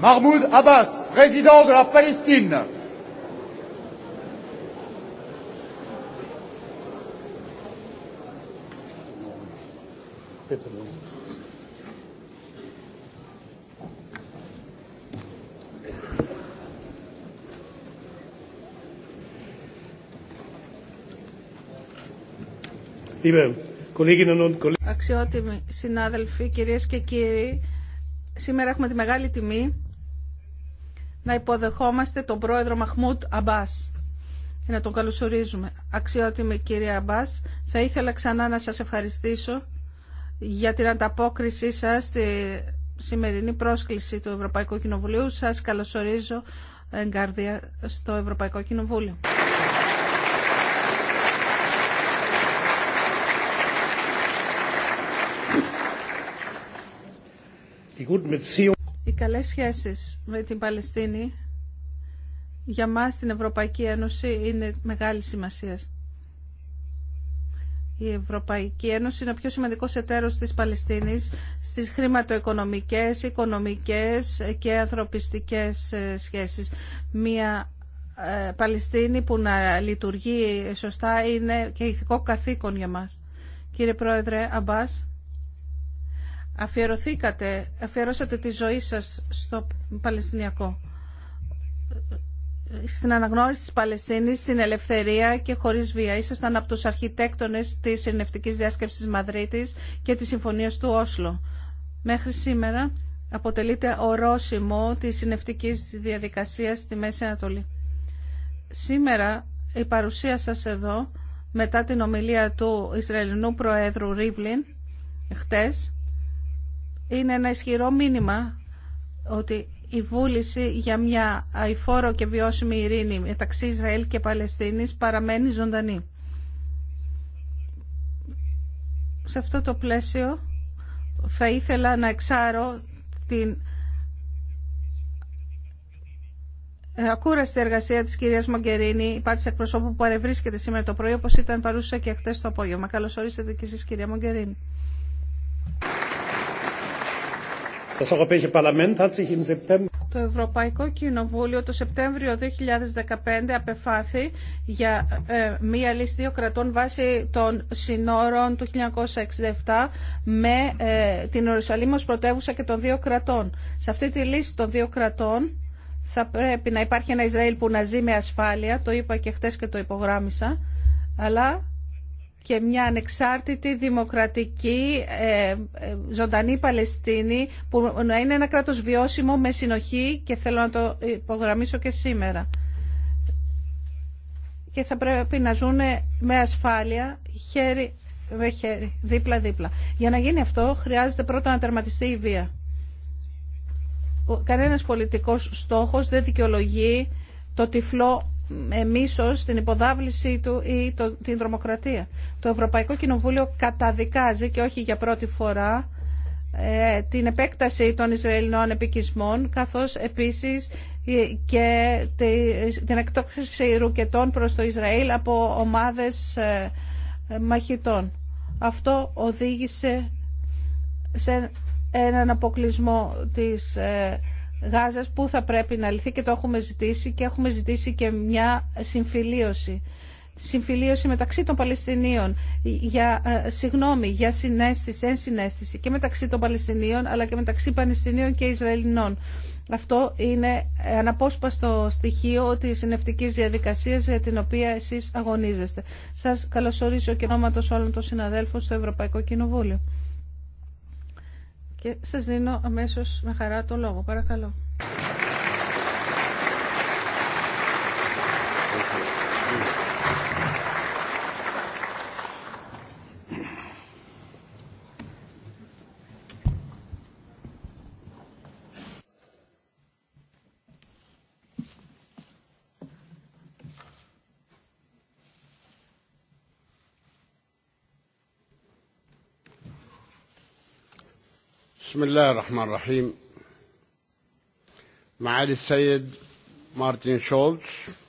Mahmoud Abbas, président de la Palestine. Αξιότιμοι συνάδελφοι, κυρίες και κύριοι, σήμερα έχουμε τη μεγάλη τιμή να υποδεχόμαστε τον πρόεδρο Μαχμούτ Αμπάς και να τον καλωσορίζουμε. Αξιότιμη κυρία Αμπάς, θα ήθελα ξανά να σας ευχαριστήσω για την ανταπόκρισή σας στη σημερινή πρόσκληση του Ευρωπαϊκού Κοινοβουλίου. Σας καλωσορίζω εγκάρδια στο Ευρωπαϊκό Κοινοβούλιο καλές σχέσεις με την Παλαιστίνη για μας την Ευρωπαϊκή Ένωση είναι μεγάλη σημασία. Η Ευρωπαϊκή Ένωση είναι ο πιο σημαντικός εταίρος της Παλαιστίνης στις χρηματοοικονομικές, οικονομικές και ανθρωπιστικές ε, σχέσεις. Μία ε, Παλαιστίνη που να λειτουργεί σωστά είναι και ηθικό καθήκον για μας. Κύριε Πρόεδρε Αμπάς, αφιερωθήκατε, αφιερώσατε τη ζωή σας στο Παλαιστινιακό στην αναγνώριση της Παλαιστίνης, στην ελευθερία και χωρίς βία. Ήσασταν από τους αρχιτέκτονες της Ειρηνευτικής Διάσκεψης Μαδρίτης και της Συμφωνίας του Όσλο. Μέχρι σήμερα αποτελείται ορόσημο της συνευτικής διαδικασίας στη Μέση Ανατολή. Σήμερα η παρουσία σας εδώ, μετά την ομιλία του Ισραηλινού Προέδρου Ρίβλιν, χτες, είναι ένα ισχυρό μήνυμα ότι η βούληση για μια αηφόρο και βιώσιμη ειρήνη μεταξύ Ισραήλ και Παλαιστίνης παραμένει ζωντανή. Σε αυτό το πλαίσιο θα ήθελα να εξάρω την ακούραστη εργασία της κυρίας Μογκερίνη, υπάτης εκπροσώπου που παρευρίσκεται σήμερα το πρωί, όπως ήταν παρούσα και χτες το απόγευμα. Καλώς ορίσατε και εσείς κυρία Μογκερίνη. Το Ευρωπαϊκό Κοινοβούλιο το Σεπτέμβριο 2015 απεφάθη για ε, μία λύση δύο κρατών βάσει των συνόρων του 1967 με ε, την Ιερουσαλήμ ως πρωτεύουσα και των δύο κρατών. Σε αυτή τη λύση των δύο κρατών θα πρέπει να υπάρχει ένα Ισραήλ που να ζει με ασφάλεια, το είπα και χτες και το υπογράμμισα, αλλά και μια ανεξάρτητη, δημοκρατική, ε, ε, ζωντανή Παλαιστίνη που να είναι ένα κράτος βιώσιμο με συνοχή και θέλω να το υπογραμμίσω και σήμερα. Και θα πρέπει να ζουν με ασφάλεια χέρι με χέρι, δίπλα-δίπλα. Για να γίνει αυτό χρειάζεται πρώτα να τερματιστεί η βία. Κανένας πολιτικός στόχος δεν δικαιολογεί το τυφλό μίσο την υποδάβλησή του ή το, την τρομοκρατία. Το Ευρωπαϊκό Κοινοβούλιο καταδικάζει και όχι για πρώτη φορά ε, την επέκταση των Ισραηλινών επικισμών καθώς επίσης ε, και την εκτόξευση ρουκετών προς το Ισραήλ από ομάδες ε, μαχητών. Αυτό οδήγησε σε έναν αποκλεισμό της Γάζας που θα πρέπει να λυθεί και το έχουμε ζητήσει και έχουμε ζητήσει και μια συμφιλίωση. Συμφιλίωση μεταξύ των Παλαιστινίων για ε, συγγνώμη, για συνέστηση, ενσυναίσθηση και μεταξύ των Παλαιστινίων αλλά και μεταξύ Πανεστινίων και Ισραηλινών. Αυτό είναι αναπόσπαστο στοιχείο της συνευτικής διαδικασίας για την οποία εσείς αγωνίζεστε. Σας καλωσορίζω και όλων των συναδέλφων στο Ευρωπαϊκό Κοινοβούλιο και σας δίνω αμέσως με χαρά το λόγο. Παρακαλώ. بسم الله الرحمن الرحيم معالي السيد مارتن شولتز